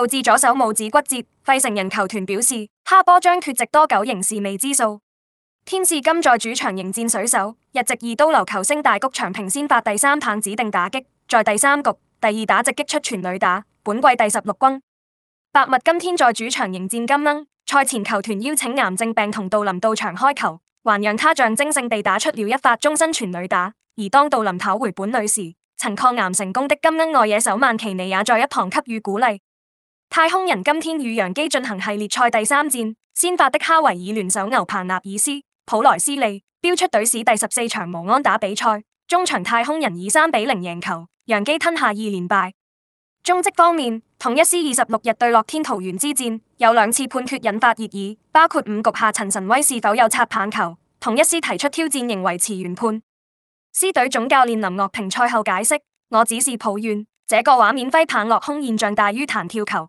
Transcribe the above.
導致左手拇指骨折，費城人球團表示哈波將缺席多久仍是未知數。天使今在主場迎戰水手，日籍二刀流球星大谷翔平先發第三棒指定打擊，在第三局第二打席擊出全壘打，本季第十六轟。白襪今天在主場迎戰金鶯，賽前球團邀請癌症病童杜林到場開球，還讓他象徵性地打出了一發終身全壘打。而當杜林跑回本壘時，曾抗癌成功的金鶯外野手曼奇尼也在一旁給予鼓勵。太空人今天與洋基進行系列賽第三戰，先發的哈維爾聯手牛棚納爾斯、普萊斯利，標出隊史第十四場無安打比賽。中場太空人以三比零贏球，洋基吞下二連敗。中職方面，同一師二十六日對樂天桃園之戰有兩次判決引發熱議，包括五局下陳晨威是否有擦棒球，同一師提出挑戰仍維持原判。獅隊總教練林岳平賽後解釋：我只是抱怨這個畫面揮棒落空現象大於彈跳球。